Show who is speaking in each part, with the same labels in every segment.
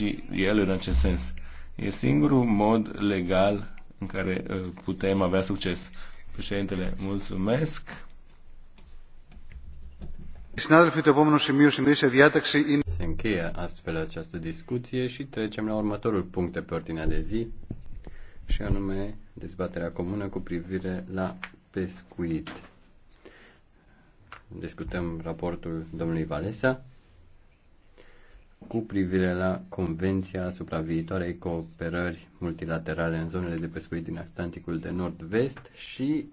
Speaker 1: ci el în acest sens. E singurul mod legal în care uh, putem avea succes. Președintele, mulțumesc.
Speaker 2: Se încheie astfel această discuție și trecem la următorul punct de pe ordinea de zi, și anume dezbaterea comună cu privire la pescuit. Discutăm raportul domnului Valesa cu privire la Convenția asupra viitoarei cooperări multilaterale în zonele de pescuit din Atlanticul de Nord-Vest și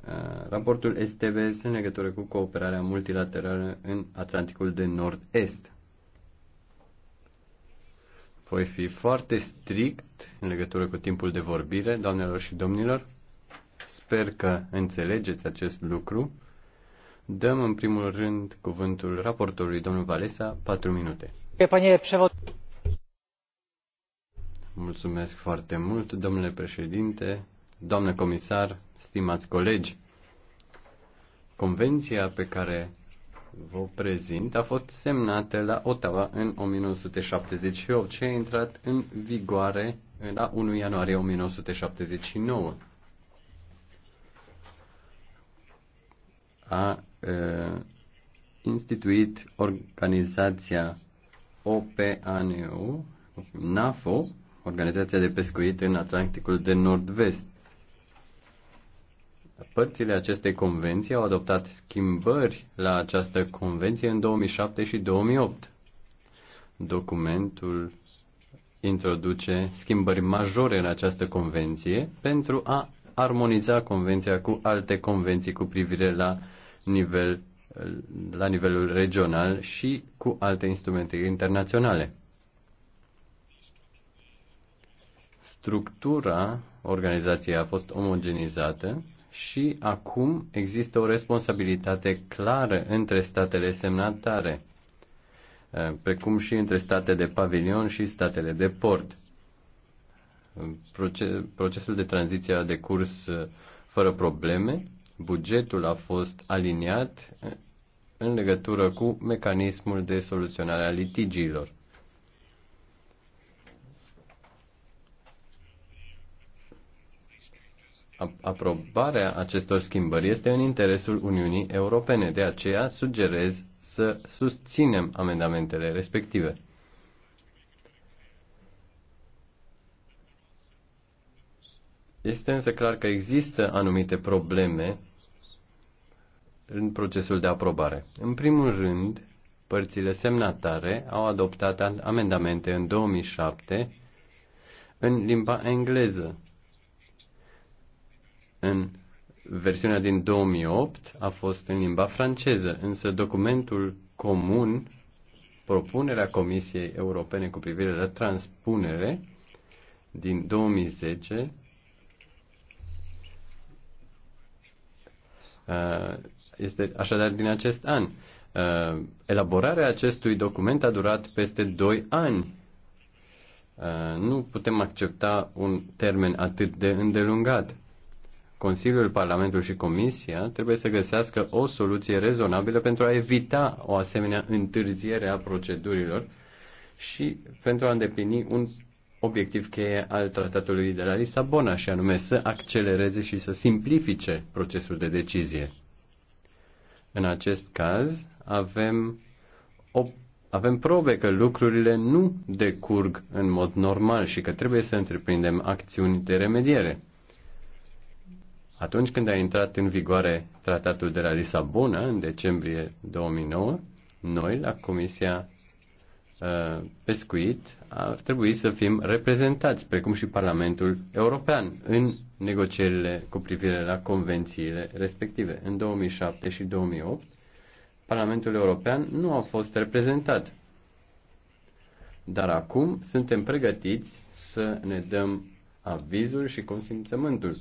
Speaker 2: uh, raportul STVS în legătură cu cooperarea multilaterală în Atlanticul de Nord-Est. Voi fi foarte strict în legătură cu timpul de vorbire, doamnelor și domnilor. Sper că înțelegeți acest lucru Dăm în primul rând cuvântul raportorului domnul Valesa, 4 minute. Mulțumesc foarte mult, domnule președinte, doamnă comisar, stimați colegi. Convenția pe care vă prezint a fost semnată la Ottawa în 1978 și a intrat în vigoare la 1 ianuarie 1979. A uh, instituit organizația OPANU, NAFO, Organizația de Pescuit în Atlanticul de Nord-Vest. Părțile acestei convenții au adoptat schimbări la această convenție în 2007 și 2008. Documentul introduce schimbări majore în această convenție pentru a armoniza convenția cu alte convenții cu privire la nivel, la nivelul regional și cu alte instrumente internaționale. Structura organizației a fost omogenizată și acum există o responsabilitate clară între statele semnatare, precum și între state de pavilion și statele de port. Procesul de tranziție a decurs uh, fără probleme bugetul a fost aliniat în legătură cu mecanismul de soluționare a litigiilor. aprobarea acestor schimbări este în interesul Uniunii Europene, de aceea sugerez să susținem amendamentele respective. Este însă clar că există anumite probleme în procesul de aprobare. În primul rând, părțile semnatare au adoptat amendamente în 2007 în limba engleză. În versiunea din 2008 a fost în limba franceză, însă documentul comun, propunerea Comisiei Europene cu privire la transpunere din 2010 Uh, este așadar din acest an. Uh, elaborarea acestui document a durat peste 2 ani. Uh, nu putem accepta un termen atât de îndelungat. Consiliul, Parlamentul și Comisia trebuie să găsească o soluție rezonabilă pentru a evita o asemenea întârziere a procedurilor și pentru a îndeplini un obiectiv cheie al tratatului de la Lisabona, și anume să accelereze și să simplifice procesul de decizie. În acest caz, avem, o, avem probe că lucrurile nu decurg în mod normal și că trebuie să întreprindem acțiuni de remediere. Atunci când a intrat în vigoare tratatul de la Lisabona, în decembrie 2009, noi, la Comisia Uh, pescuit, ar trebui să fim reprezentați, precum și Parlamentul European, în negocierile cu privire la convențiile respective. În 2007 și 2008, Parlamentul European nu a fost reprezentat. Dar acum suntem pregătiți să ne dăm avizul și consimțământul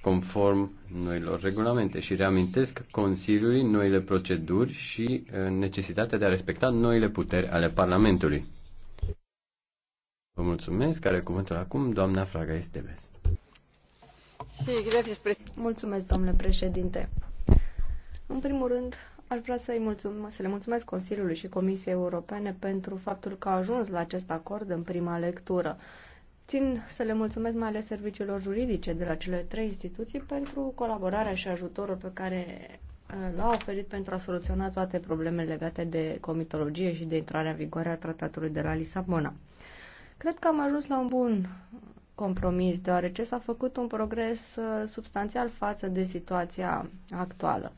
Speaker 2: conform noilor regulamente și reamintesc Consiliului noile proceduri și uh, necesitatea de a respecta noile puteri ale Parlamentului. Vă mulțumesc. Are cuvântul acum doamna Fraga Esteves.
Speaker 3: Mulțumesc, domnule președinte. În primul rând, aș vrea să-i mulțumesc, să le mulțumesc Consiliului și Comisiei Europene pentru faptul că a ajuns la acest acord în prima lectură. Țin să le mulțumesc mai ales serviciilor juridice de la cele trei instituții pentru colaborarea și ajutorul pe care uh, l au oferit pentru a soluționa toate problemele legate de comitologie și de intrarea în vigoare a tratatului de la Lisabona. Cred că am ajuns la un bun compromis, deoarece s-a făcut un progres uh, substanțial față de situația actuală.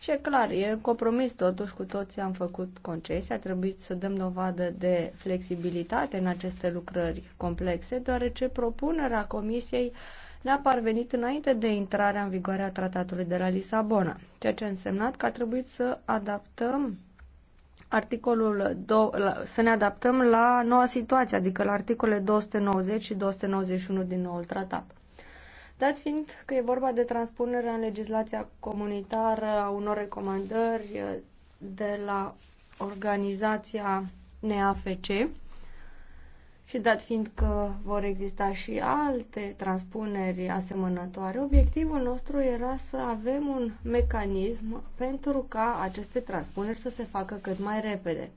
Speaker 3: Și e clar, e compromis totuși, cu toții am făcut concesii, a trebuit să dăm dovadă de flexibilitate în aceste lucrări complexe, deoarece propunerea Comisiei ne-a parvenit înainte de intrarea în vigoare a tratatului de la Lisabona, ceea ce a însemnat că a trebuit să adaptăm articolul do- la, să ne adaptăm la noua situație, adică la articolele 290 și 291 din noul tratat. Dat fiind că e vorba de transpunerea în legislația comunitară a unor recomandări de la organizația NAFC și dat fiind că vor exista și alte transpuneri asemănătoare, obiectivul nostru era să avem un mecanism pentru ca aceste transpuneri să se facă cât mai repede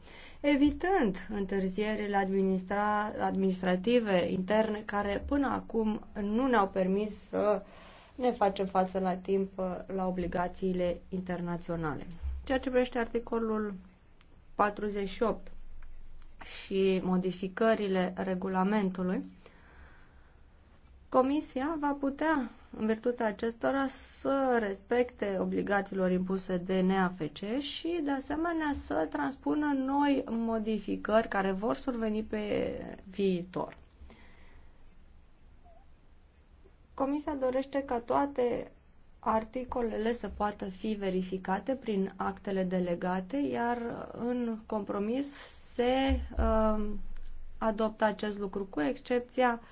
Speaker 3: evitând întârzierile administra- administrative interne care până acum nu ne-au permis să ne facem față la timp uh, la obligațiile internaționale. Ceea ce privește articolul 48 și modificările regulamentului, Comisia va putea în virtutea acestora să respecte obligațiilor impuse de NAFC și de asemenea să transpună noi modificări care vor surveni pe viitor. Comisia dorește ca toate articolele să poată fi verificate prin actele delegate, iar în compromis se uh, adoptă acest lucru cu excepția uh,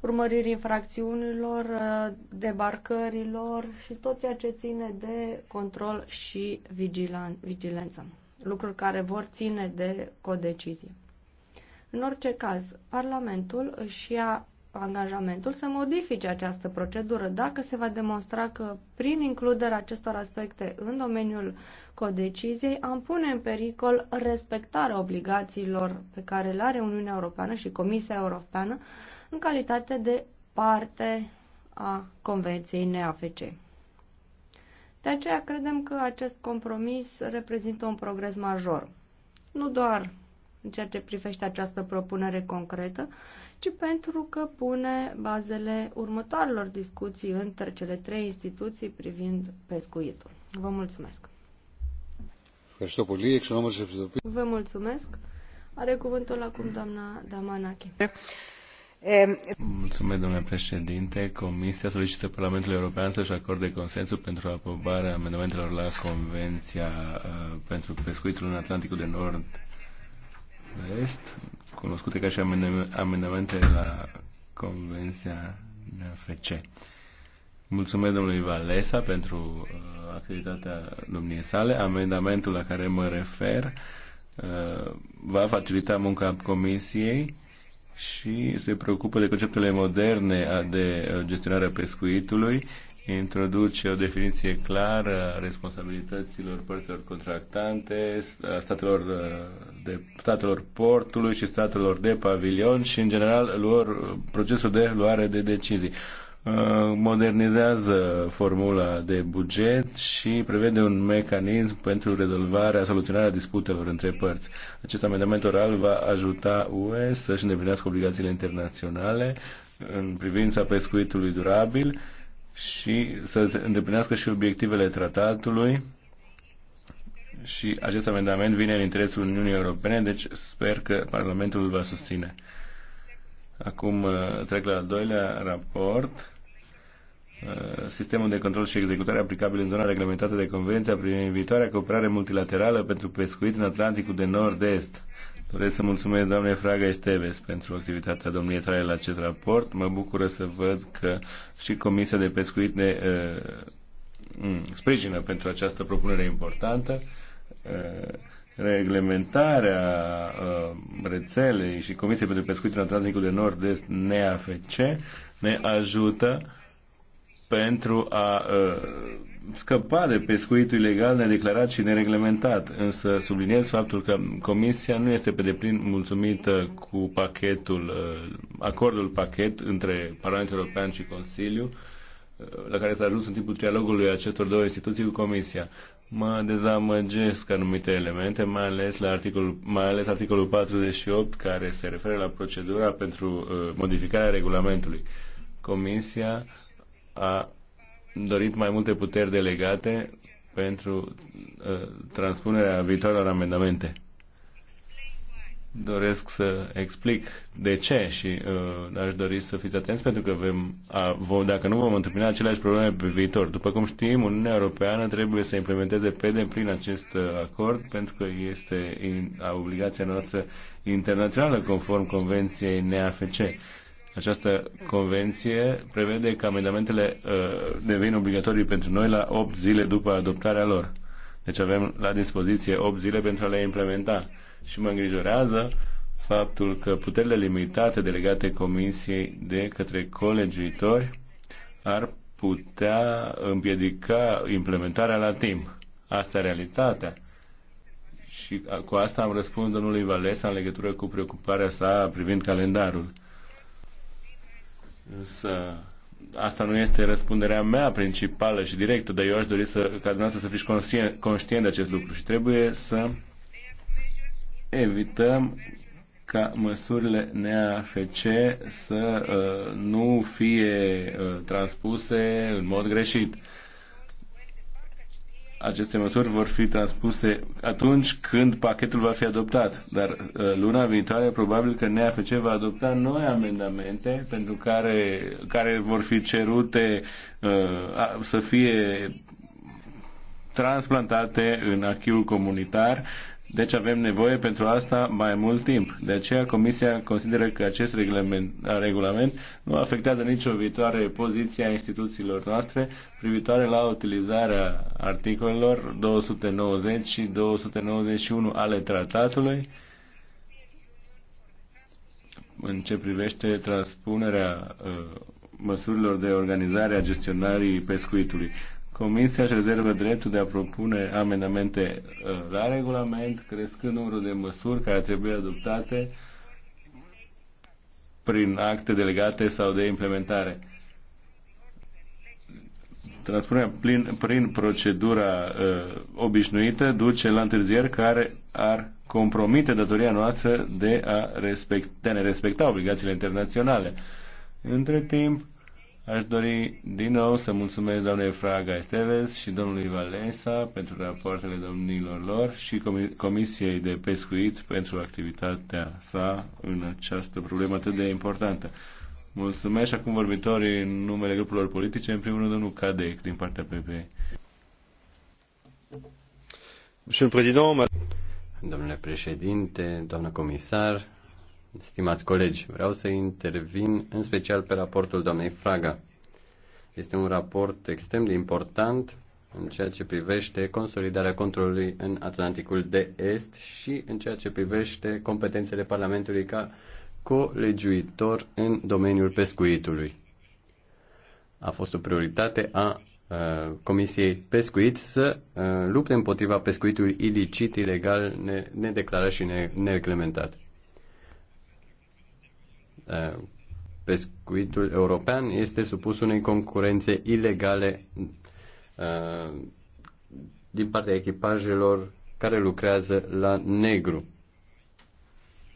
Speaker 3: urmăririi infracțiunilor, uh, debarcărilor și tot ceea ce ține de control și vigilan, vigilență, lucruri care vor ține de codecizie. În orice caz, Parlamentul își ia angajamentul să modifice această procedură dacă se va demonstra că prin includerea acestor aspecte în domeniul codeciziei am pune în pericol respectarea obligațiilor pe care le are Uniunea Europeană și Comisia Europeană în calitate de parte a Convenției NAFC. De aceea credem că acest compromis reprezintă un progres major, nu doar în ceea ce privește această propunere concretă, ci pentru că pune bazele următoarelor discuții între cele trei instituții privind pescuitul. Vă mulțumesc! Vă mulțumesc! Are cuvântul acum doamna Damanache
Speaker 1: domnule Comisia solicită Parlamentului European să-și acorde consensul pentru aprobarea amendamentelor la Convenția uh, pentru pescuitul în Atlanticul de Nord Est, cunoscute ca și amendamente la Convenția NFC. Mulțumesc domnului Valesa pentru uh, activitatea domniei sale. Amendamentul la care mă refer uh, va facilita munca comisiei și se preocupă de conceptele moderne de uh, gestionare a pescuitului, introduce o definiție clară a responsabilităților părților contractante, a statelor, uh, de, statelor portului și statelor de pavilion și, în general, lor, uh, procesul de luare de decizii. Uh, modernizează formula de buget și prevede un mecanism pentru rezolvarea, soluționarea disputelor între părți. Acest amendament oral va ajuta UE să-și îndeplinească obligațiile internaționale în privința pescuitului durabil și să îndeplinească și obiectivele tratatului și acest amendament vine în interesul Uniunii Europene, deci sper că Parlamentul îl va susține. Acum uh, trec la al doilea raport Uh, sistemul de control și executare aplicabil în zona reglementată de Convenția prin viitoarea cooperare multilaterală pentru pescuit în Atlanticul de Nord-Est. Doresc să mulțumesc doamnei Fraga Esteves pentru activitatea domniei tale la acest raport. Mă bucură să văd că și Comisia de Pescuit ne uh, mm, sprijină pentru această propunere importantă. Uh, reglementarea uh, rețelei și Comisiei pentru Pescuit în Atlanticul de Nord-Est, NEAFC, ne ajută pentru a ă, scăpa de pescuitul ilegal nedeclarat și nereglementat, însă subliniez faptul că Comisia nu este pe deplin mulțumită cu pachetul, ă, acordul pachet între Parlamentul European și Consiliu, ă, la care s-a ajuns în timpul trialogului acestor două instituții cu Comisia. Mă dezamăgesc anumite elemente, mai ales, la articolul, mai ales articolul 48, care se referă la procedura pentru uh, modificarea regulamentului. Comisia a dorit mai multe puteri delegate pentru transpunerea viitoarelor amendamente. Doresc să explic de ce și uh, aș dori să fiți atenți pentru că vom, a, vom, dacă nu vom întâmpina aceleași probleme pe viitor. După cum știm, Uniunea Europeană trebuie să implementeze pe deplin acest acord pentru că este in, a obligația noastră internațională conform Convenției NAFC. Această convenție prevede că amendamentele uh, devin obligatorii pentru noi la 8 zile după adoptarea lor. Deci avem la dispoziție 8 zile pentru a le implementa. Și mă îngrijorează faptul că puterile limitate delegate Comisiei de către colegiuitori ar putea împiedica implementarea la timp. Asta e realitatea. Și cu asta am răspuns domnului Valesa în legătură cu preocuparea sa privind calendarul. Însă asta nu este răspunderea mea principală și directă, dar eu aș dori să, ca dumneavoastră să fiți conștient, conștient de acest lucru și trebuie să evităm ca măsurile NAFC să uh, nu fie uh, transpuse în mod greșit. Uh, aceste măsuri vor fi transpuse atunci când pachetul va fi adoptat. Dar uh, luna viitoare probabil că NEAFC va adopta noi amendamente pentru care, care vor fi cerute uh, să fie transplantate în achiul comunitar deci avem nevoie pentru asta mai mult timp. De aceea Comisia consideră că acest regulament, regulament nu afectează nicio viitoare poziție a instituțiilor noastre privitoare la utilizarea articolelor 290 și 291 ale tratatului în ce privește transpunerea uh, măsurilor de organizare a gestionării pescuitului. Comisia își rezervă dreptul de a propune amendamente uh, la regulament, crescând numărul de măsuri care trebuie adoptate prin acte delegate sau de implementare. Transpunerea prin, prin procedura uh, obișnuită duce la întârzieri care ar compromite datoria noastră de a, respect, de a ne respecta obligațiile internaționale. Între timp, uh, Aș dori din nou să mulțumesc doamnei Fraga Esteves și domnului Valensa pentru rapoartele domnilor lor și Comisiei de Pescuit pentru activitatea sa în această problemă atât de importantă. Mulțumesc acum vorbitorii în numele grupurilor politice, în primul rând domnul Cadec din partea PP. Domnule președinte, doamnă comisar,
Speaker 2: stimați colegi, vreau să intervin în special pe raportul doamnei Fraga. Este un raport extrem de important în ceea ce privește consolidarea controlului în Atlanticul de Est și în ceea ce privește competențele Parlamentului ca colegiuitor în domeniul pescuitului. A fost o prioritate a Comisiei Pescuit să lupte împotriva pescuitului ilicit, ilegal, nedeclarat și nereglementat. Eh, pescuitul european este supus unei concurențe ilegale eh, din partea echipajelor care lucrează la negru,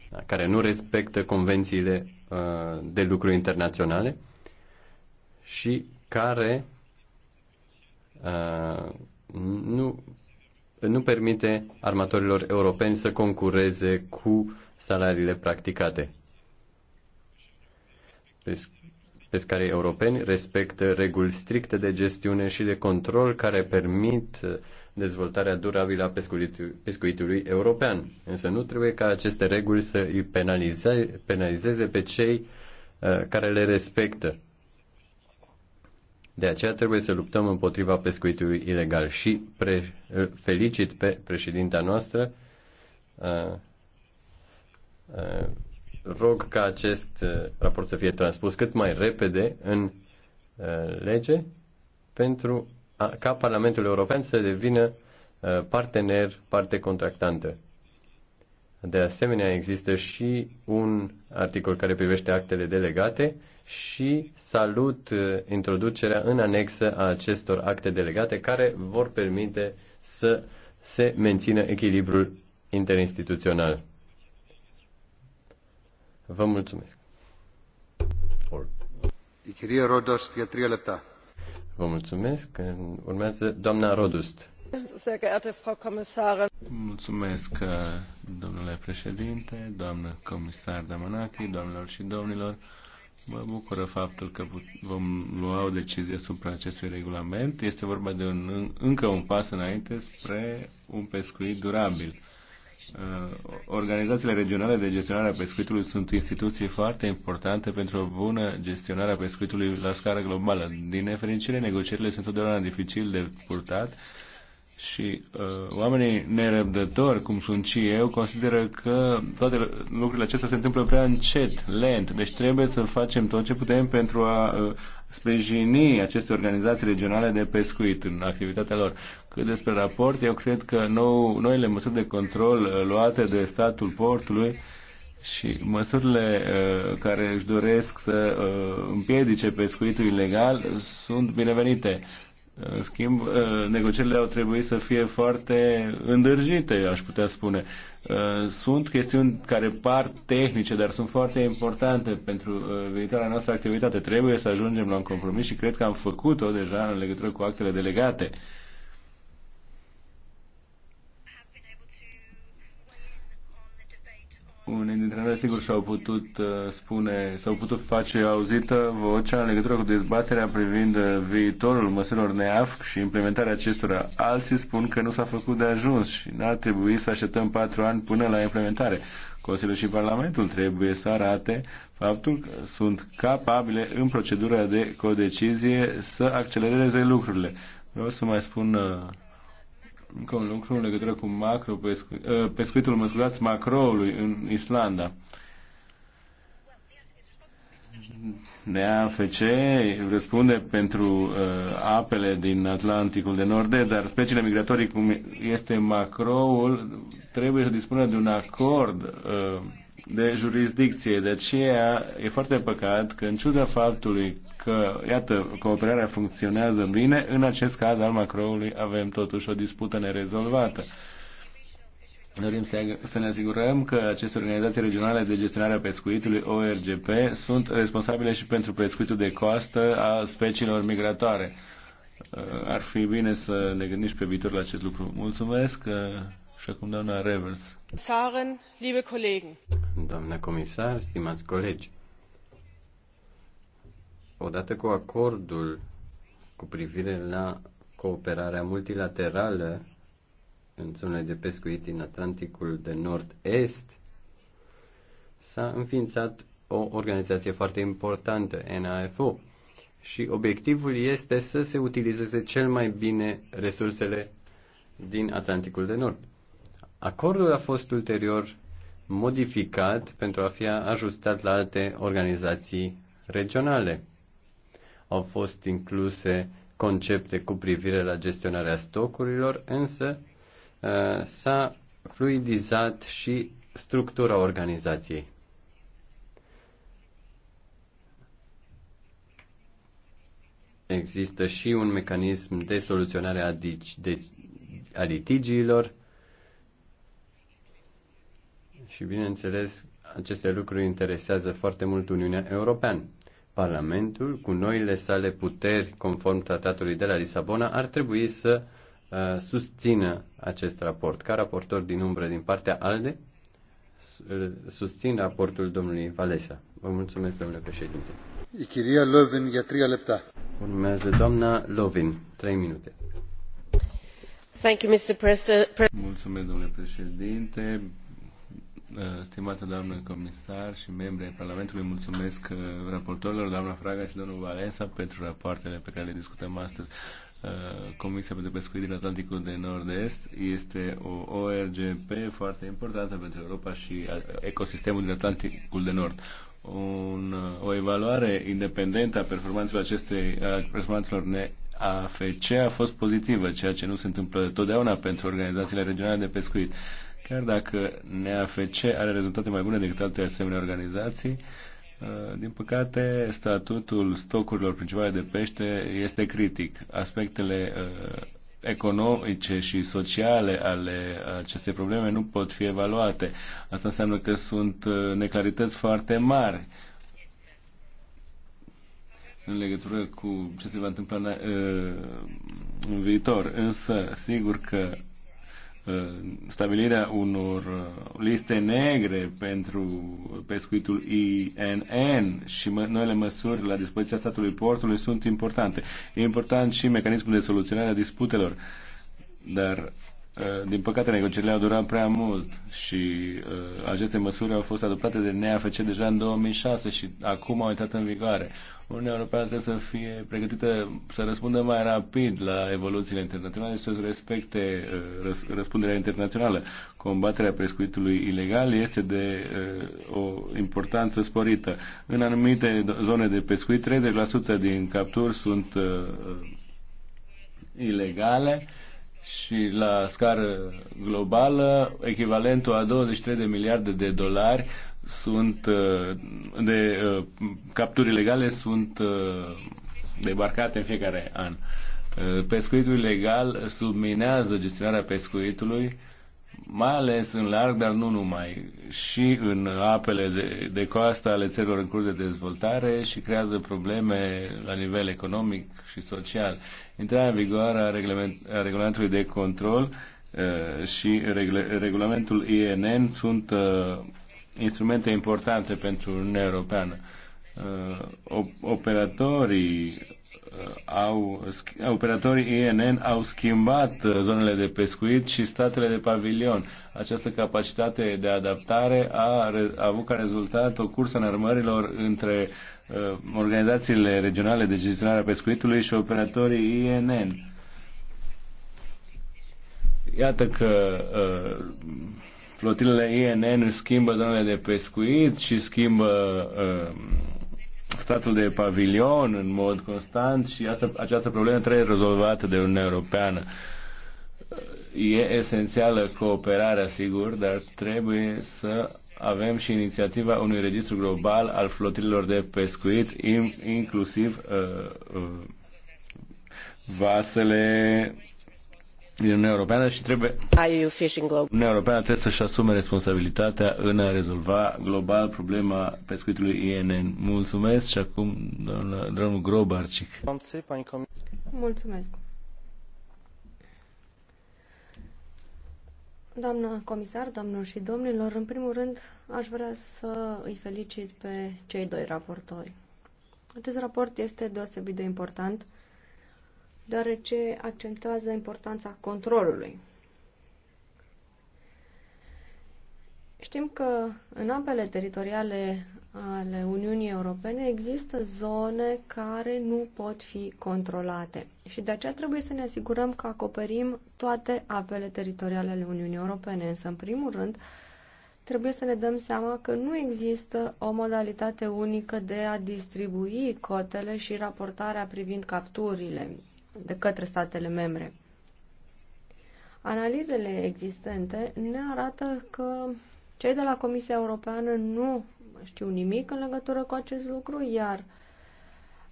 Speaker 2: da, care nu respectă convențiile eh, de lucru internaționale și care nu, nu permite armatorilor europeni să concureze cu salariile practicate pescarii europeni respectă reguli stricte de gestiune și de control care permit uh, dezvoltarea durabilă a pescuitului european. Însă nu trebuie ca aceste reguli să îi penalize, penalizeze pe cei uh, care le respectă. De aceea trebuie să luptăm împotriva pescuitului ilegal și pre, felicit pe președinta noastră uh, uh, rog ca acest uh, raport să fie transpus cât mai repede în uh, lege pentru a, ca Parlamentul European să devină uh, partener, parte contractantă. De asemenea, există și un articol care privește actele delegate și salut introducerea în anexă a acestor acte delegate care vor permite să se mențină echilibrul interinstituțional. Vă mulțumesc. Vă mulțumesc. Urmează doamna Rodust.
Speaker 1: Mulțumesc, uh, domnule președinte, doamnă comisar Damanaki, doamnelor și domnilor. Mă bucură faptul că vom lua o decizie asupra acestui regulament. Este vorba de un, încă un pas înainte spre un pescuit durabil Uh, organizațiile regionale de gestionare a pescuitului sunt instituții foarte importante pentru o bună gestionare a pescuitului la scară globală. Din nefericire, negocierile sunt întotdeauna dificil de purtat și uh, oamenii nerăbdători, cum sunt și eu, consideră că toate lucrurile acestea se întâmplă prea încet, lent. Deci trebuie să facem tot ce putem pentru a uh, sprijini aceste organizații regionale de pescuit în activitatea lor. Cât despre raport, eu cred că nou, noile măsuri de control uh, luate de statul portului și măsurile uh, care își doresc să uh, împiedice pescuitul ilegal sunt binevenite în schimb, uh, negocierile au trebuit să fie foarte îndârjite, aș putea spune. Uh, sunt chestiuni care par tehnice, dar sunt foarte importante pentru uh, viitoarea noastră activitate. Trebuie să ajungem la un compromis și cred că am făcut-o deja în legătură cu actele delegate. unii dintre noi sigur și-au putut uh, spune, s-au putut face auzită vocea în legătură cu dezbaterea privind uh, viitorul măsurilor NEAFC și implementarea acestora. Alții spun că nu s-a făcut de ajuns și n a trebuit să așteptăm patru ani până la implementare. Consiliul și Parlamentul trebuie să arate faptul că sunt capabile în procedura de codecizie să accelereze lucrurile. Vreau să mai spun uh, încă un lucru în legătură cu macro pescu, ă, pescuitul, mă scuzați, macroului în Islanda. NAFC răspunde pentru uh, apele din Atlanticul de Nord, dar speciile migratorii, cum este macroul, trebuie să dispună de un acord uh, de jurisdicție. De aceea e foarte păcat că, în ciuda faptului că, iată, cooperarea funcționează bine, în acest caz al Macroului avem totuși o dispută nerezolvată. Dorim să ne asigurăm că aceste organizații regionale de gestionare a pescuitului, ORGP, sunt responsabile și pentru pescuitul de coastă a speciilor migratoare. Uh, ar fi bine să ne gândim și pe viitor la acest lucru. Mulțumesc uh, și acum doamna Revers.
Speaker 4: Saren, Doamna
Speaker 2: comisar, stimați colegi odată cu acordul cu privire la cooperarea multilaterală în zonele de pescuit din Atlanticul de Nord-Est, s-a înființat o organizație foarte importantă, NAFO, și obiectivul este să se utilizeze cel mai bine resursele din Atlanticul de Nord. Acordul a fost ulterior modificat pentru a fi ajustat la alte organizații regionale au fost incluse concepte cu privire la gestionarea stocurilor, însă uh, s-a fluidizat și structura organizației. Există și un mecanism de soluționare a, de, a litigiilor și, bineînțeles, aceste lucruri interesează foarte mult Uniunea Europeană. Parlamentul, cu noile sale puteri conform tratatului de la Lisabona, ar trebui să uh, susțină acest raport. Ca raportor din umbră din partea ALDE, uh, susțin raportul domnului Valesa. Vă mulțumesc, domnule președinte.
Speaker 1: Ichiria Lovin, ia lepta.
Speaker 2: Urmează doamna Lovin, Trei minute.
Speaker 4: Thank you, Mr. President.
Speaker 1: Mulțumesc, domnule președinte. Uh, stimată doamnă comisar și membri ai Parlamentului, mulțumesc uh, raportorilor, doamna Fraga și domnul Valensa, pentru rapoartele pe care le discutăm astăzi. Uh, Comisia pentru Pescuit din Atlanticul de Nord-Est este o ORGP foarte importantă pentru Europa și ecosistemul din Atlanticul de Nord. Un, o evaluare independentă a performanțelor acestei, a performanțelor ne AFC a fost pozitivă, ceea ce nu se întâmplă totdeauna pentru organizațiile regionale de pescuit. Uh, Chiar dacă NAFC are rezultate mai bune decât alte asemenea organizații, uh, din păcate, statutul stocurilor principale de pește este critic. Aspectele uh, economice și sociale ale acestei probleme nu pot fi evaluate. Asta înseamnă că sunt uh, neclarități foarte mari în legătură cu ce se va întâmpla în, viitor. Însă, sigur că Uh, stabilirea unor uh, liste negre pentru pescuitul INN și noile măsuri la dispoziția statului portului sunt importante. E important și mecanismul de soluționare a disputelor, dar Eh, din păcate, negocierile au durat prea mult și uh, aceste măsuri au fost adoptate de NEAFC deja în 2006 și acum au intrat în vigoare. Uniunea Europeană trebuie să fie pregătită să răspundă mai rapid la evoluțiile internaționale și să respecte uh, răs- răspunderea internațională. Combaterea pescuitului ilegal este de uh, o importanță sporită. În anumite zone de pescuit, 30% din capturi sunt uh, ilegale și la scară globală, echivalentul a 23 de miliarde de dolari sunt uh, de uh, capturi ilegale sunt uh, debarcate în fiecare an. Pescuitul ilegal subminează gestionarea pescuitului mai ales în larg, dar nu numai, și în apele de, de coastă ale țărilor în curs de dezvoltare și creează probleme la nivel economic și social. Intrarea în vigoare a, a regulamentului de control uh, și regle, regulamentul INN sunt uh, instrumente importante pentru Uniunea Europeană. Uh, operatorii Uh, au, operatorii INN au schimbat uh, zonele de pescuit și statele de pavilion. Această capacitate de adaptare a, a avut ca rezultat o cursă în armărilor între uh, organizațiile regionale de gestionare a pescuitului și operatorii INN. Iată că uh, flotilele INN schimbă zonele de pescuit și schimbă uh, statul de pavilion în mod constant și asta, această problemă trebuie rezolvată de Uniunea Europeană. E esențială cooperarea, sigur, dar trebuie să avem și inițiativa unui registru global al flotilor de pescuit, inclusiv uh, uh, vasele din Uniunea Europeană și trebuie Uniunea Europeană trebuie să-și asume responsabilitatea în a rezolva global problema pescuitului INN. Mulțumesc și acum doamna, domnul Grobarcic.
Speaker 3: Mulțumesc. Doamna comisar, doamnelor și domnilor, în primul rând aș vrea să îi felicit pe cei doi raportori. Acest raport este deosebit de important deoarece accentuează importanța controlului. Știm că în apele teritoriale ale Uniunii Europene există zone care nu pot fi controlate și de aceea trebuie să ne asigurăm că acoperim toate apele teritoriale ale Uniunii Europene. Însă, în primul rând, trebuie să ne dăm seama că nu există o modalitate unică de a distribui cotele și raportarea privind capturile de către statele membre. Analizele existente ne arată că cei de la Comisia Europeană nu știu nimic în legătură cu acest lucru, iar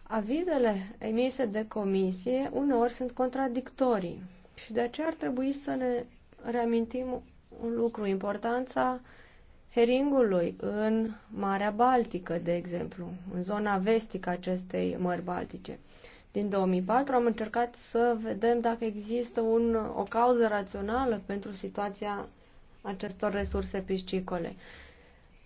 Speaker 3: avizele emise de comisie uneori sunt contradictorii și de aceea ar trebui să ne reamintim un lucru, importanța heringului în Marea Baltică, de exemplu, în zona vestică acestei mări baltice din 2004 am încercat să vedem dacă există un, o cauză rațională pentru situația acestor resurse piscicole.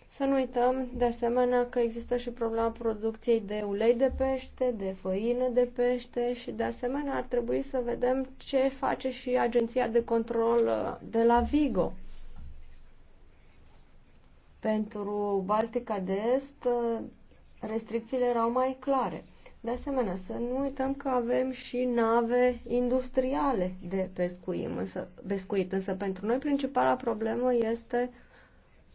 Speaker 3: Să nu uităm, de asemenea, că există și problema producției de ulei de pește, de făină de pește și, de asemenea, ar trebui să vedem ce face și Agenția de Control uh, de la Vigo. Pentru Baltica de Est, uh, restricțiile erau mai clare. De asemenea, să nu uităm că avem și nave industriale de pescuim, însă, pescuit, însă pentru noi principala problemă este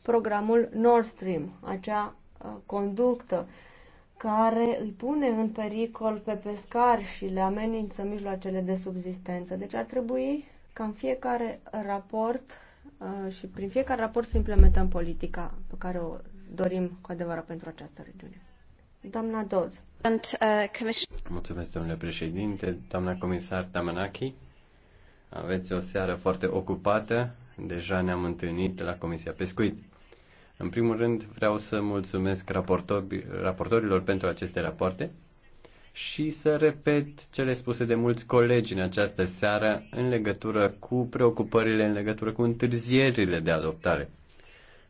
Speaker 3: programul Nord Stream, acea uh, conductă care îi pune în pericol pe pescari și le amenință mijloacele de subzistență. Deci ar trebui ca în fiecare raport uh, și prin fiecare raport să implementăm politica pe care o dorim cu adevărat pentru această regiune. Doamna Doz. Uh,
Speaker 2: mulțumesc, domnule președinte, doamna comisar Tamanaki. Aveți o seară foarte ocupată. Deja ne-am întâlnit la Comisia Pescuit. În primul rând, vreau să mulțumesc raportorilor pentru aceste rapoarte și să repet cele spuse de mulți colegi în această seară în legătură cu preocupările în legătură cu întârzierile de adoptare.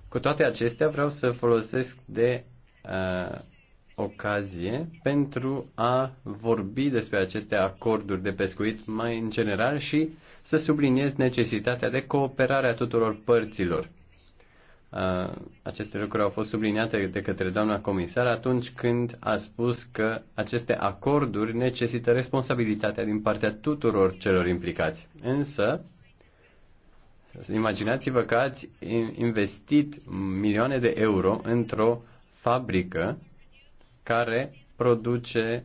Speaker 2: Cu toate acestea, vreau să folosesc de uh, ocazie pentru a vorbi despre aceste acorduri de pescuit mai în general și să subliniez necesitatea de cooperare a tuturor părților. Aceste lucruri au fost subliniate de către doamna comisar atunci când a spus că aceste acorduri necesită responsabilitatea din partea tuturor celor implicați. Însă, imaginați-vă că ați investit milioane de euro într-o fabrică care produce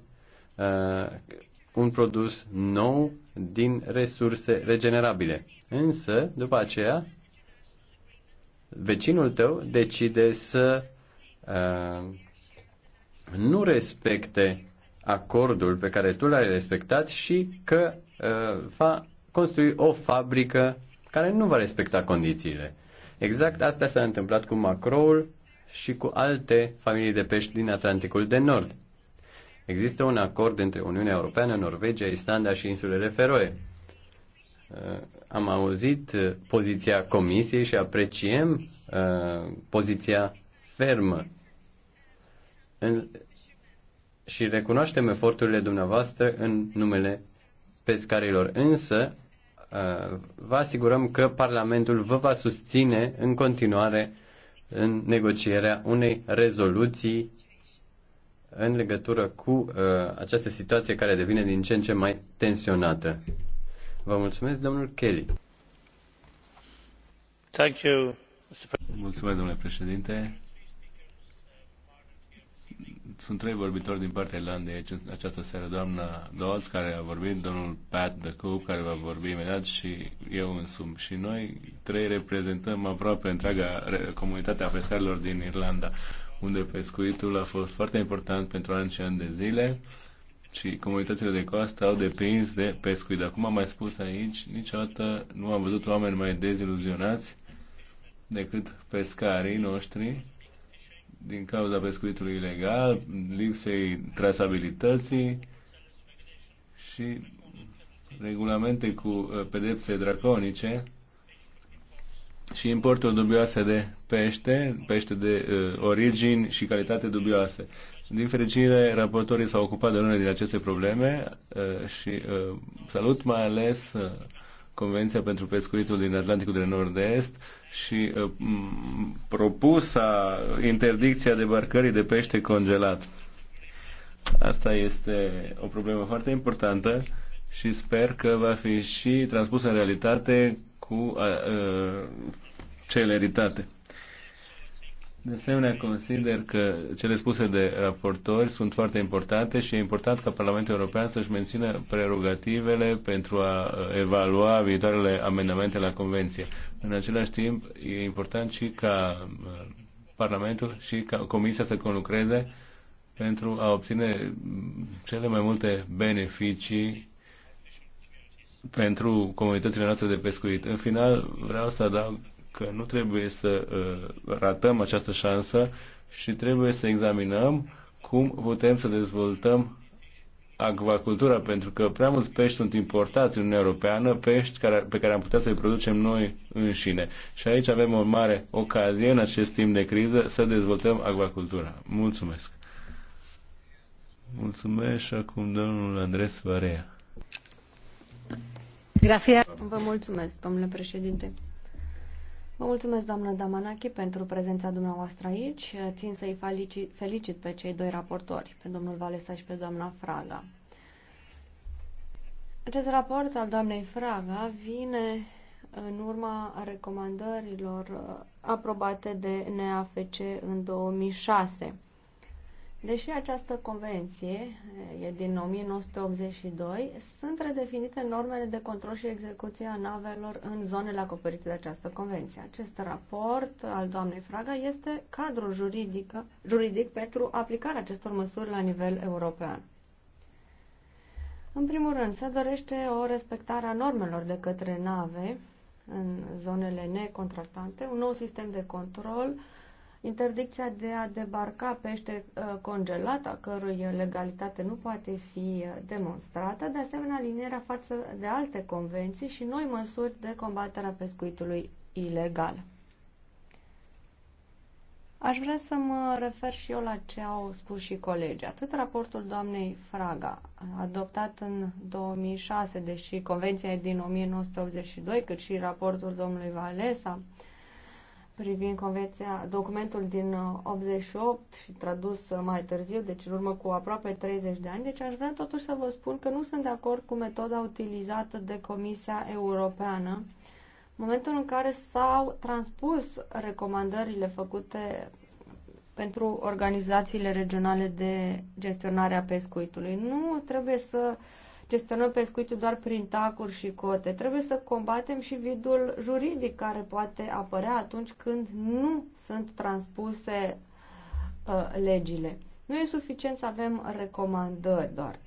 Speaker 2: uh, un produs nou din resurse regenerabile. Însă, după aceea, vecinul tău decide să uh, nu respecte acordul pe care tu l-ai respectat și că uh, va construi o fabrică care nu va respecta condițiile. Exact asta s-a întâmplat cu Macroul și cu alte familii de pești din Atlanticul de Nord. Există un acord între Uniunea Europeană, Norvegia, Islanda și insulele Feroe. Uh, am auzit uh, poziția Comisiei și apreciem uh, poziția fermă. În, și recunoaștem eforturile dumneavoastră în numele pescarilor, însă vă asigurăm că Parlamentul vă va susține în continuare în negocierea unei rezoluții în legătură cu uh, această situație care devine din ce în ce mai tensionată. Vă mulțumesc, domnul Kelly.
Speaker 1: Thank you. Mulțumesc, domnule președinte sunt trei vorbitori din partea Irlandei aici în această seară. Doamna Dolz care a vorbit, domnul Pat de care va vorbi imediat și eu însum Și noi trei reprezentăm aproape întreaga comunitate a pescarilor din Irlanda, unde pescuitul a fost foarte important pentru ani și ani de zile și comunitățile de coastă au depins de pescuit. Acum am mai spus aici, niciodată nu am văzut oameni mai deziluzionați decât pescarii noștri din cauza pescuitului ilegal, lipsei trasabilității și regulamente cu uh, pedepse draconice și importuri dubioase de pește, pește de uh, origini și calitate dubioase. Din fericire, raportorii s-au ocupat de unele din aceste probleme uh, și uh, salut mai ales uh, Convenția pentru Pescuitul din Atlanticul de Nord-Est și uh, propusa interdicția debarcării de pește congelat. Asta este o problemă foarte importantă și sper că va fi și transpusă în realitate cu uh, celeritate. De asemenea, consider că cele spuse de raportori sunt foarte importante și e important ca Parlamentul European să-și mențină prerogativele pentru a uh, evalua viitoarele amendamente la Convenție. În același timp, e important și ca uh, Parlamentul și ca Comisia să conlucreze pentru a obține mm, cele mai multe beneficii pentru comunitățile noastre de pescuit. În final, vreau să adaug că nu trebuie să uh, ratăm această șansă și trebuie să examinăm cum putem să dezvoltăm acvacultura, pentru că prea mulți pești sunt importați în Uniunea Europeană, pești care, pe care am putea să-i producem noi înșine. Și aici avem o mare ocazie în acest timp de criză să dezvoltăm acvacultura. Mulțumesc! Mulțumesc și acum domnul Andres Varea.
Speaker 3: Vă mulțumesc, domnule președinte. Vă mulțumesc, doamnă Damanache, pentru prezența dumneavoastră aici. Țin să-i felicit pe cei doi raportori, pe domnul Valesa și pe doamna Fraga. Acest raport al doamnei Fraga vine în urma recomandărilor uh, aprobate de NAFC în 2006 Deși această convenție eh, e din 1982, sunt redefinite normele de control și execuție a navelor în zonele acoperite de această convenție. Acest raport al doamnei Fraga este cadrul juridic, juridic pentru aplicarea acestor măsuri la nivel european. În primul rând, se dorește o respectare a normelor de către nave în zonele necontractante, un nou sistem de control uh, interdicția de a debarca pește uh, congelat, a cărui legalitate nu poate fi uh, demonstrată, de asemenea alinierea față de alte convenții și noi măsuri de combatere a pescuitului ilegal. Aș vrea să mă refer și eu la ce au spus și colegii. Atât raportul doamnei Fraga, adoptat în 2006, deși Convenția e din 1982, cât și raportul domnului Valesa, privind convenția, documentul din 88 uh, și tradus uh, mai târziu, deci în urmă cu aproape 30 de ani. Deci aș vrea totuși să vă spun că nu sunt de acord cu metoda utilizată de Comisia Europeană în momentul în care s-au transpus recomandările făcute pentru organizațiile regionale de gestionare a pescuitului. Nu trebuie să uh, gestionăm pescuitul doar prin tacuri și cote. Trebuie să combatem și vidul juridic care poate apărea atunci când nu sunt transpuse uh, legile. Nu e suficient să avem recomandări doar.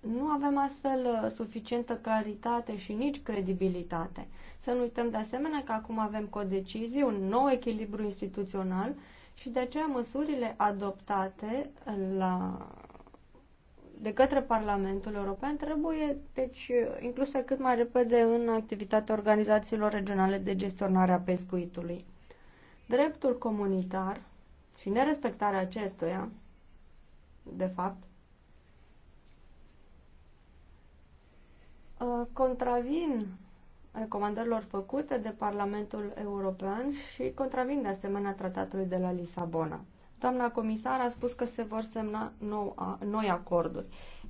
Speaker 3: Nu avem astfel uh, suficientă claritate și nici credibilitate. Să nu uităm de asemenea că acum avem codecizii, un nou echilibru instituțional și de aceea măsurile adoptate la de către Parlamentul European trebuie deci incluse cât mai repede în activitatea organizațiilor regionale de gestionare a pescuitului. Dreptul comunitar și nerespectarea acestuia, de fapt, uh, contravin recomandărilor făcute de Parlamentul European și contravin de asemenea tratatului de la Lisabona. Doamna comisar a spus că se vor semna nou, noi acorduri.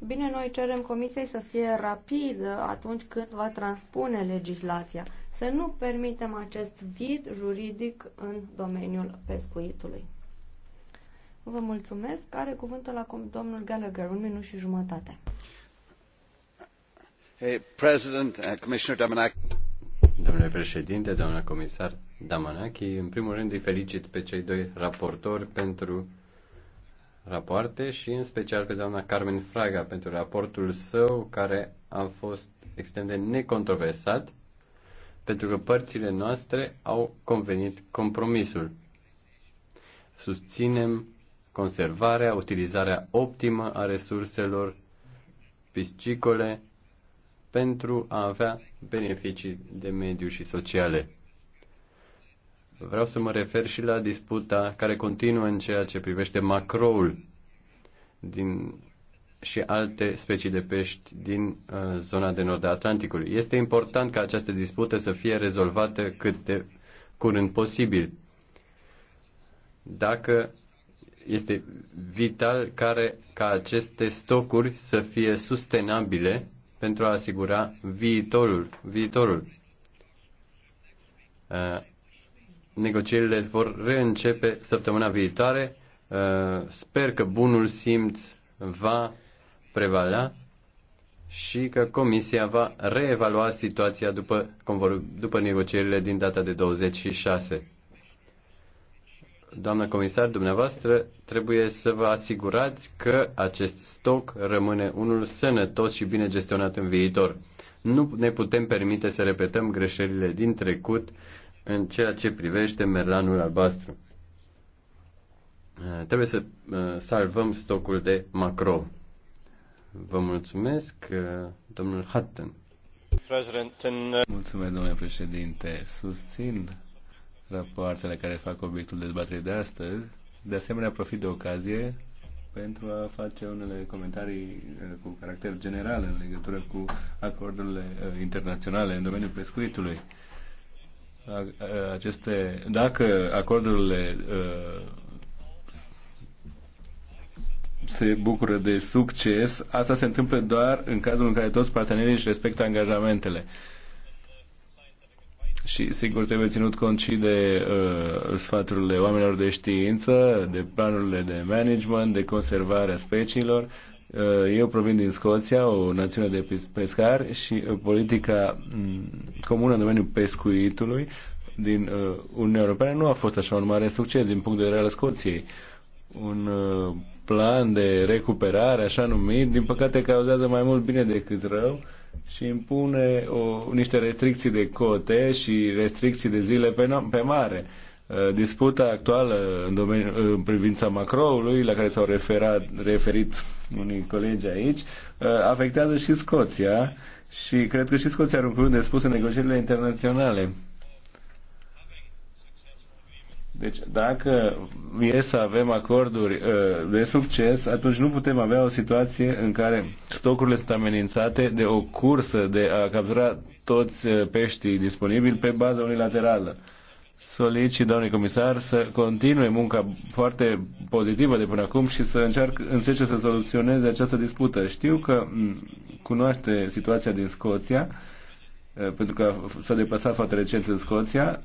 Speaker 3: Bine, noi cerem comisiei să fie rapidă atunci când va transpune legislația, să nu permitem acest vid juridic în domeniul pescuitului. Vă mulțumesc. Are cuvântul acum domnul Gallagher, un minut și jumătate.
Speaker 2: Hey, President, uh, Commissioner Domnule președinte, domnule comisar Damanaki. În primul rând îi felicit pe cei doi raportori pentru rapoarte și în special pe doamna Carmen Fraga pentru raportul său care a fost extrem de necontroversat pentru că părțile noastre au convenit compromisul. Susținem conservarea, utilizarea optimă a resurselor piscicole pentru a avea beneficii de mediu și sociale. Vreau să mă refer și la disputa care continuă în ceea ce privește macroul din, și alte specii de pești din uh, zona de nord a Atlanticului. Este important ca această dispută să fie rezolvată cât de curând posibil. Dacă este vital care, ca aceste stocuri să fie sustenabile pentru a asigura viitorul. viitorul. Uh, Negocierile vor reîncepe săptămâna viitoare. Uh, sper că bunul simț va prevala și că Comisia va reevalua situația după, după negocierile din data de 26. Doamna comisar, dumneavoastră trebuie să vă asigurați că acest stoc rămâne unul sănătos și bine gestionat în viitor. Nu ne putem permite să repetăm greșelile din trecut în ceea ce privește merlanul albastru. Eh, trebuie să eh, salvăm stocul de macro. Vă mulțumesc, eh, domnul Hutton.
Speaker 1: Mulțumesc, domnule președinte. Susțin rapoartele care fac obiectul dezbaterii de astăzi. De asemenea, profit de ocazie pentru a face unele comentarii cu caracter general în legătură cu acordurile internaționale în domeniul pescuitului aceste, dacă acordurile uh, se bucură de succes, asta se întâmplă doar în cazul în care toți partenerii își respectă angajamentele. Și sigur trebuie ținut cont și de uh, sfaturile oamenilor de știință, de planurile de management, de conservarea speciilor, Eh, eu provin din Scoția, o națiune de pescari și eh, politica mm, comună în domeniul pescuitului din eh, Uniunea Europeană nu a fost așa un mare succes din punct de vedere al Scoției. Un plan de recuperare, așa numit, din păcate cauzează mai mult bine decât rău și impune o, niște restricții de cote și restricții de zile pe, pe mare. Uh, Eh, disputa actuală în, domeniu, eh, în privința macroului, la care s-au referat, referit unii colegi aici, eh, afectează și Scoția și cred că și Scoția are un cuvânt de spus în negocierile internaționale. Deci dacă e să avem acorduri de succes, atunci nu putem avea o situație în care stocurile sunt amenințate de o cursă de a captura toți peștii disponibili pe bază unilaterală solicit, doamnei comisar, să continue munca foarte pozitivă de până acum și să încearcă, încerce să soluționeze această dispută. Știu că cunoaște situația din Scoția, eh, pentru că s-a deplasat foarte recent în Scoția,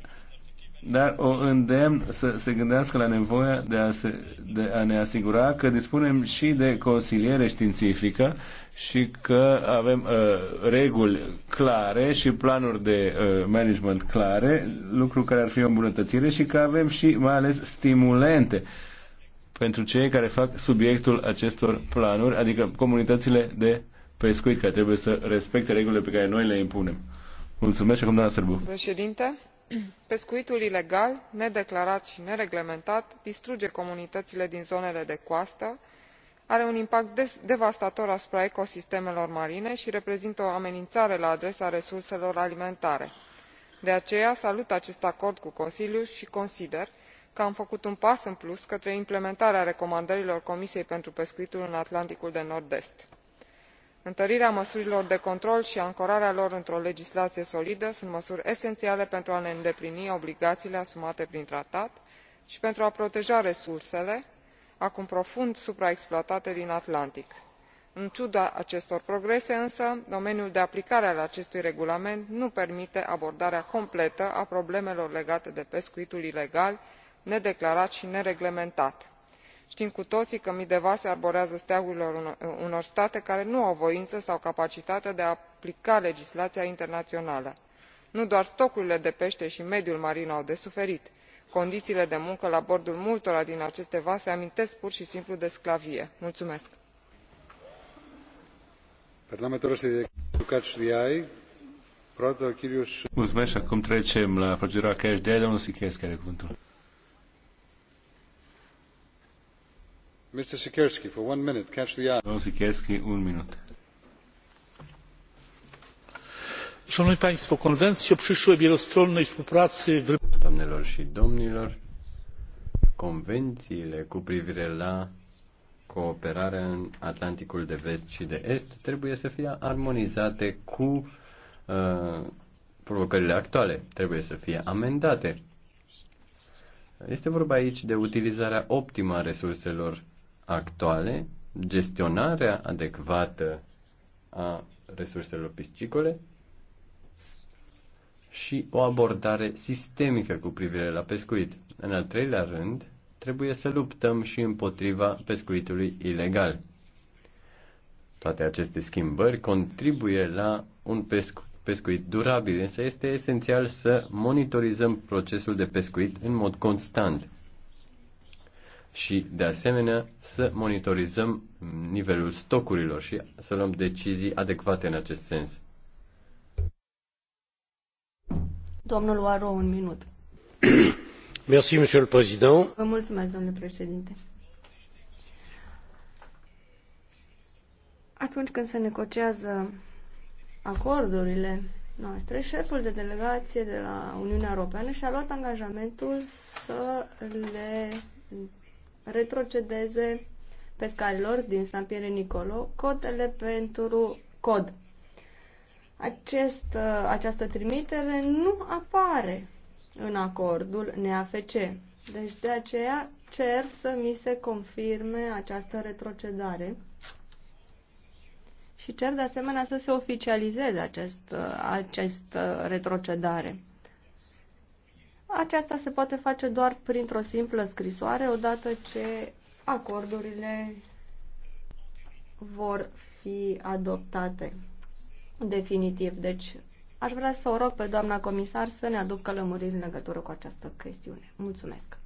Speaker 1: dar o îndemn să se gândească la nevoia de a, se, de a ne asigura că dispunem și de consiliere științifică și că avem uh, reguli clare și planuri de uh, management clare, lucru care ar fi o îmbunătățire și că avem și mai ales stimulente pentru cei care fac subiectul acestor planuri, adică comunitățile de pescuit, care trebuie să respecte regulile pe care noi le impunem. Mulțumesc și acum doamna
Speaker 4: Sărbu. Președinte, pescuitul ilegal nedeclarat i nereglementat distruge comunităile din zonele de coastă are un impact devastator asupra ecosistemelor marine i reprezintă o ameninare la adresa resurselor alimentare. de aceea salut acest acord cu consiliul i consider că am făcut un pas în plus către implementarea recomandărilor comisiei pentru pescuitul în atlanticul de nord est întărirea măsurilor de control i ancorarea lor într o legislaie solidă sunt măsuri eseniale pentru a ne îndeplini obligaiile asumate prin tratat i pentru a proteja resursele acum profund supraexploatate din atlantic. în ciuda acestor progrese însă domeniul de aplicare al acestui regulament nu permite abordarea completă a problemelor legate de pescuitul ilegal nedeclarat i nereglementat tim cu toii că mii de vase arborează steagurile unor state care nu au voină sau capacitatea de a aplica legislaia internaională. nu doar stocurile de pete i mediul marin au de suferit condiiile de muncă la bordul multora din aceste vase amintesc pur i simplu de sclavie. Mulțumesc.
Speaker 1: Domnule Președinte, for o przyszłej wielostronnej współpracy w... Doamnelor și domnilor,
Speaker 2: convențiile cu privire la cooperarea în Atlanticul de Vest și de Est trebuie să fie armonizate cu uh, provocările actuale, trebuie să fie amendate. Este vorba aici de utilizarea optimă a resurselor actuale, gestionarea adecvată a resurselor piscicole și o abordare sistemică cu privire la pescuit. În al treilea rând, trebuie să luptăm și împotriva pescuitului ilegal. Toate aceste schimbări contribuie la un pescu- pescuit durabil, însă este esențial să monitorizăm procesul de pescuit în mod constant și, de asemenea, să monitorizăm nivelul stocurilor și să luăm decizii adecvate în acest sens.
Speaker 3: Domnul Oaro, un minut.
Speaker 4: Merci, Monsieur le Président.
Speaker 3: Vă mulțumesc, domnule președinte. Atunci când se negociază acordurile noastre, șeful de delegație de la Uniunea Europeană și-a luat angajamentul să le retrocedeze pescarilor din San Pier Nicolo cotele pentru cod. Acest, uh, această trimitere nu apare în acordul NAFC. Deci de aceea cer să mi se confirme această retrocedare și cer de asemenea să se oficializeze această acest uh, uh, retrocedare. Aceasta se poate face doar printr-o simplă scrisoare, odată ce acordurile vor fi adoptate definitiv. Deci, aș vrea să o rog pe doamna comisar să ne aducă lămuriri în legătură cu această chestiune. Mulțumesc.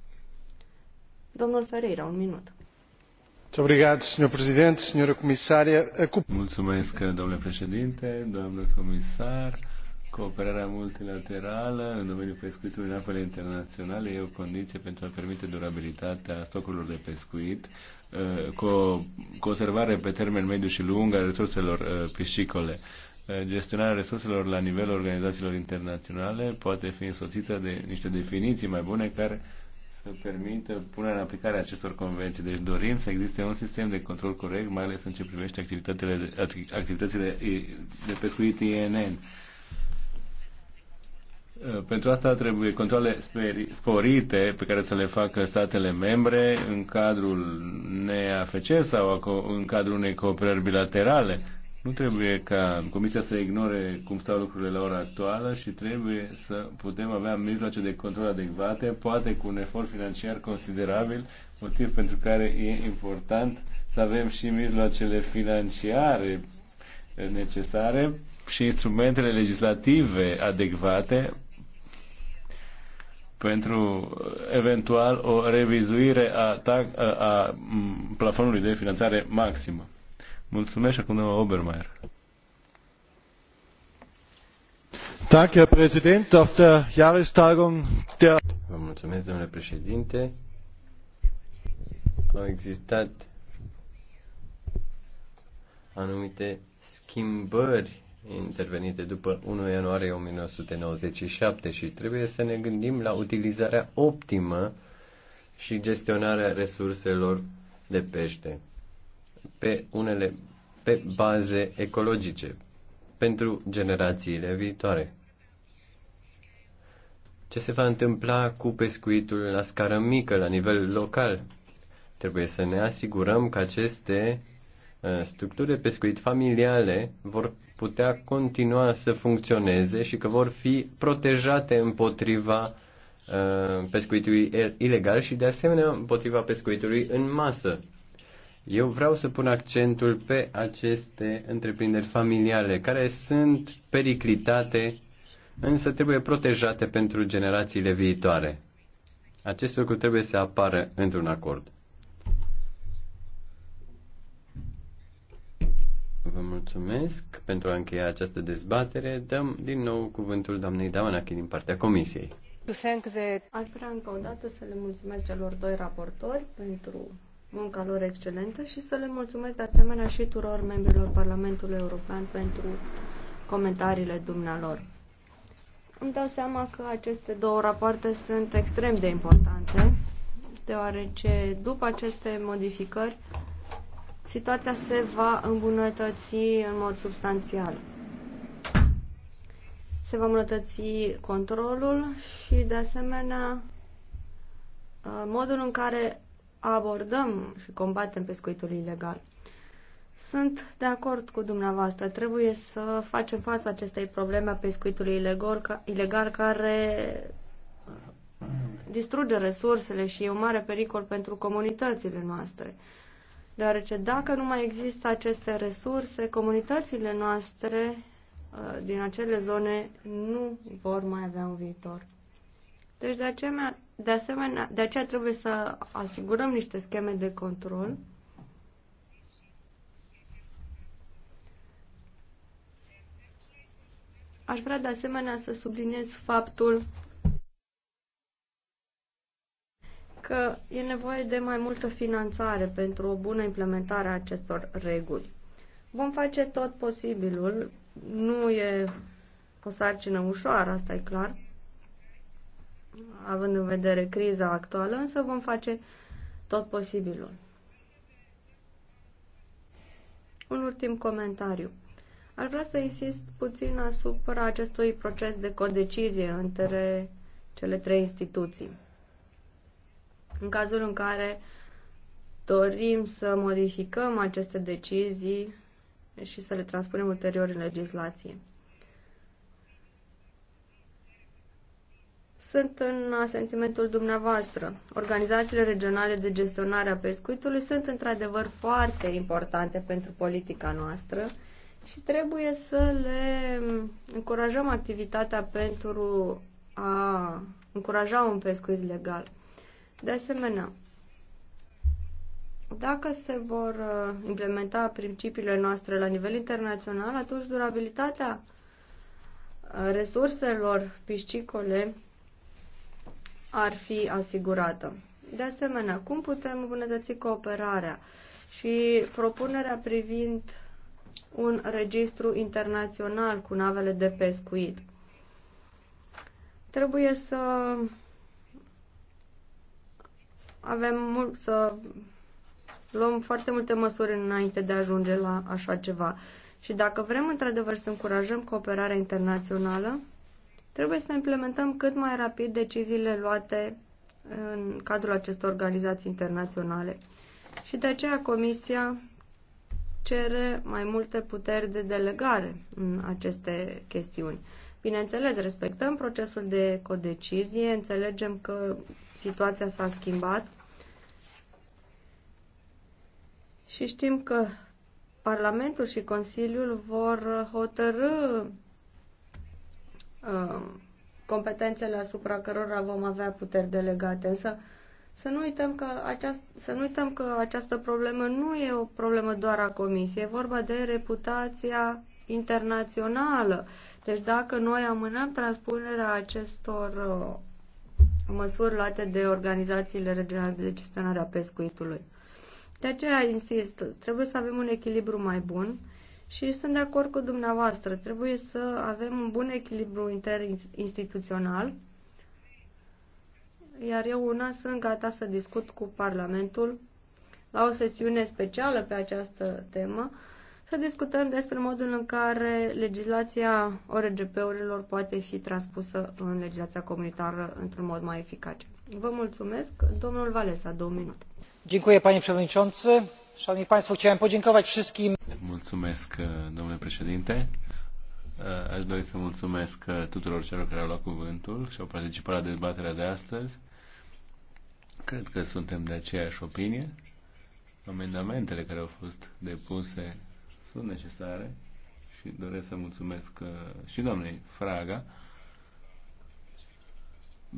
Speaker 3: Domnul Ferreira, un minut.
Speaker 1: obrigado, domnule președinte, Sra. comisar. Cooperarea multilaterală în domeniul pescuitului în apele internaționale e o condiție pentru a permite durabilitatea stocurilor de pescuit, uh, cu conservare pe termen mediu și lung a resurselor uh, piscicole. Uh, gestionarea resurselor la nivelul organizațiilor internaționale poate fi însoțită de niște definiții mai bune care să permită punerea în aplicare a acestor convenții. Deci dorim să existe un sistem de control corect, mai ales în ce privește activitățile de, activitățile de pescuit INN Uh, pentru asta trebuie controle sporite pe care să le facă statele membre în cadrul NEAFC sau în cadrul unei cooperări bilaterale. Nu trebuie ca Comisia să ignore cum stau lucrurile la ora actuală și trebuie să putem avea mijloace de control adecvate, poate cu un efort financiar considerabil, motiv pentru care e important să avem și mijloacele financiare necesare și instrumentele legislative adecvate pentru eventual o revizuire a, a, a plafonului de finanțare maximă. Mulțumesc acum domnul Obermeier. Danke, Herr Präsident. Auf der Jahrestagung der
Speaker 2: Vă mulțumesc, domnule președinte. Au existat anumite schimbări intervenite după 1 ianuarie 1997 și trebuie să ne gândim la utilizarea optimă și gestionarea resurselor de pește pe unele pe baze ecologice pentru generațiile viitoare. Ce se va întâmpla cu pescuitul la scară mică, la nivel local? Trebuie să ne asigurăm că aceste Uh, structurile pescuit familiale vor putea continua să funcționeze și că vor fi protejate împotriva uh, pescuitului ilegal și de asemenea împotriva pescuitului în masă. Eu vreau să pun accentul pe aceste întreprinderi familiale care sunt periclitate, însă trebuie protejate pentru generațiile viitoare. Acest lucru trebuie să apară într-un acord. Vă mulțumesc pentru a încheia această dezbatere. Dăm din nou cuvântul doamnei Damanachi din partea Comisiei.
Speaker 3: Aș vrea încă o dată să le mulțumesc celor doi raportori pentru munca lor excelentă și să le mulțumesc de asemenea și tuturor membrilor Parlamentului European pentru comentariile dumnealor. Îmi dau seama că aceste două rapoarte sunt extrem de importante, deoarece după aceste modificări situația se va îmbunătăți în mod substanțial. Se va îmbunătăți controlul și, de asemenea, uh, modul în care abordăm și combatem pescuitul ilegal. Sunt de acord cu dumneavoastră. Trebuie să facem față acestei probleme a pescuitului ilegal, ca, ilegal care uh, distruge resursele și e un mare pericol pentru comunitățile noastre deoarece dacă nu mai există aceste resurse, comunitățile noastre uh, din acele zone nu vor mai avea un viitor. Deci de aceea, de, asemenea, de aceea trebuie să asigurăm niște scheme de control Aș vrea de asemenea să subliniez faptul că e nevoie de mai multă finanțare pentru o bună implementare a acestor reguli. Vom face tot posibilul, nu e o sarcină ușoară, asta e clar, având în vedere criza actuală, însă vom face tot posibilul. Un ultim comentariu. Ar vrea să insist puțin asupra acestui proces de codecizie între cele trei instituții. În cazul în care dorim să modificăm aceste decizii și să le transpunem ulterior în legislație. Sunt în sentimentul dumneavoastră. Organizațiile regionale de gestionare a pescuitului sunt într-adevăr foarte importante pentru politica noastră și trebuie să le încurajăm activitatea pentru a încuraja un pescuit legal. De asemenea, dacă se vor uh, implementa principiile noastre la nivel internațional, atunci durabilitatea uh, resurselor piscicole ar fi asigurată. De asemenea, cum putem îmbunătăți cooperarea și propunerea privind un registru internațional cu navele de pescuit? Trebuie să avem mult să luăm foarte multe măsuri înainte de a ajunge la așa ceva. Și dacă vrem într-adevăr să încurajăm cooperarea internațională, trebuie să implementăm cât mai rapid deciziile luate în cadrul acestor organizații internaționale. Și de aceea Comisia cere mai multe puteri de delegare în aceste chestiuni. Bineînțeles, respectăm procesul de codecizie, înțelegem că situația s-a schimbat și știm că Parlamentul și Consiliul vor hotărâ uh, competențele asupra cărora vom avea puteri delegate. Însă să nu, uităm că aceast, să nu uităm că această problemă nu e o problemă doar a Comisiei, e vorba de reputația internațională. Deci dacă noi amânăm transpunerea acestor uh, măsuri luate de organizațiile regionale de gestionare a pescuitului. De aceea insist, trebuie să avem un echilibru mai bun și sunt de acord cu dumneavoastră. Trebuie să avem un bun echilibru interinstituțional, iar eu una sunt gata să discut cu Parlamentul la o sesiune specială pe această temă, să discutăm despre modul în care legislația ORGP-urilor poate fi transpusă în legislația comunitară într-un mod mai eficace. Vă mulțumesc. Domnul Valesa, două minute.
Speaker 4: Dziękuję, panie przewodniczący. Szanowni państwo, chciałem podziękować wszystkim.
Speaker 1: Mulțumesc, domnule președinte. Aș dori să mulțumesc tuturor celor care au luat cuvântul și au participat la dezbaterea de astăzi. Cred că suntem de aceeași opinie. Amendamentele care au fost depuse sunt necesare și doresc să mulțumesc uh, și doamnei Fraga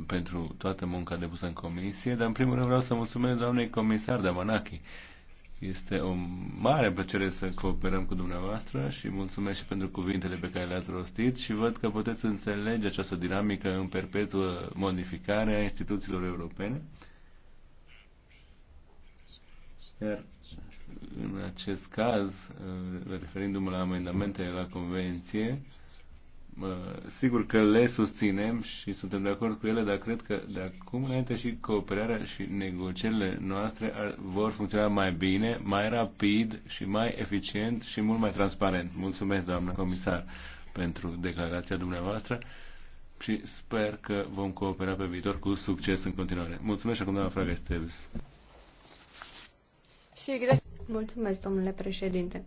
Speaker 1: pentru toată munca depusă în comisie, dar în primul rând vreau să mulțumesc doamnei comisar de Manachi. Este o mare plăcere să cooperăm cu dumneavoastră și mulțumesc și pentru cuvintele pe care le-ați rostit și văd că puteți înțelege această dinamică în perpetuă modificare a instituțiilor europene. Iar în acest caz, uh, referindu-mă la amendamentele la convenție, uh, sigur că le susținem și suntem de acord cu ele, dar cred că de acum înainte și cooperarea și negocierile noastre ar, vor funcționa mai bine, mai rapid și mai eficient și mult mai transparent. Mulțumesc, doamnă comisar, pentru declarația dumneavoastră și sper că vom coopera pe viitor cu succes în continuare. Mulțumesc și acum, doamna Fraga Esteves.
Speaker 3: Mulțumesc, domnule președinte.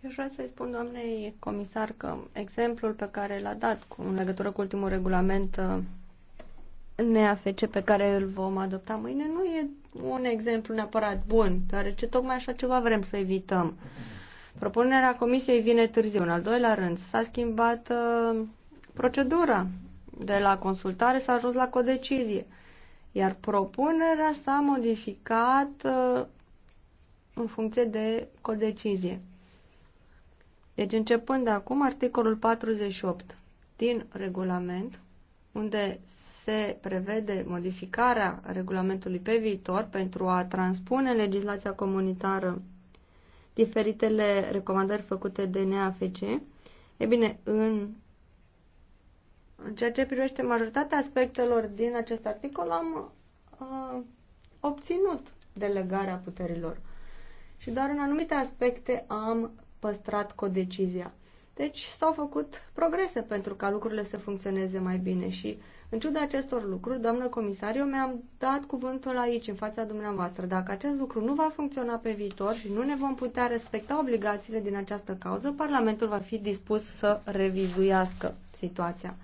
Speaker 3: Eu aș vrea să-i spun doamnei comisar că exemplul pe care l-a dat cu, în legătură cu ultimul regulament uh, NAFC pe care îl vom adopta mâine nu e un exemplu neapărat bun, deoarece tocmai așa ceva vrem să evităm. Propunerea comisiei vine târziu. În al doilea rând, s-a schimbat uh, procedura. De la consultare s-a ajuns la codecizie. Uh, iar propunerea s-a modificat uh, în funcție de codecizie. Deci începând de acum articolul 48 din regulament, unde se prevede modificarea regulamentului pe viitor pentru a transpune legislația comunitară diferitele recomandări făcute de NAFC, e bine, în în ceea ce privește majoritatea aspectelor din acest articol, am uh, obținut delegarea puterilor. Și doar în anumite aspecte am păstrat codecizia. Deci s-au făcut progrese pentru ca lucrurile să funcționeze mai bine și în ciuda acestor lucruri, doamnă comisar, eu mi-am dat cuvântul aici, în fața dumneavoastră. Dacă acest lucru nu va funcționa pe viitor și nu ne vom putea respecta obligațiile din această cauză, Parlamentul va fi dispus să revizuiască situația.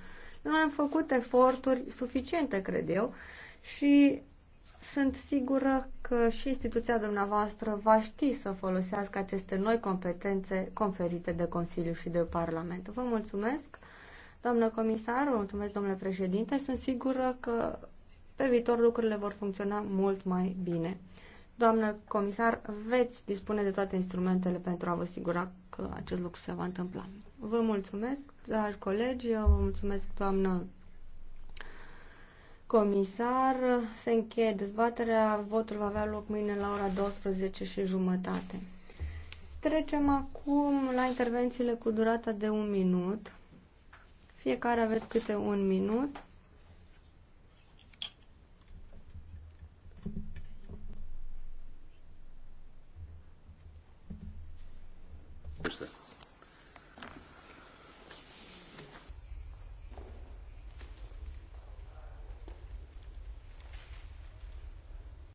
Speaker 3: Noi am făcut eforturi suficiente, cred eu, și sunt sigură că și instituția dumneavoastră va ști să folosească aceste noi competențe conferite de Consiliu și de Parlament. Vă mulțumesc, doamnă comisar, vă mulțumesc, domnule președinte. Sunt sigură că pe viitor lucrurile vor funcționa mult mai bine. Doamnă comisar, veți dispune de toate instrumentele pentru a vă asigura că acest lucru se va întâmpla. Vă mulțumesc dragi colegi, eu vă mulțumesc, doamnă comisar. Se încheie dezbaterea. Votul va avea loc mâine la ora 12 și jumătate. Trecem acum la intervențiile cu durata de un minut. Fiecare aveți câte un minut.
Speaker 1: you.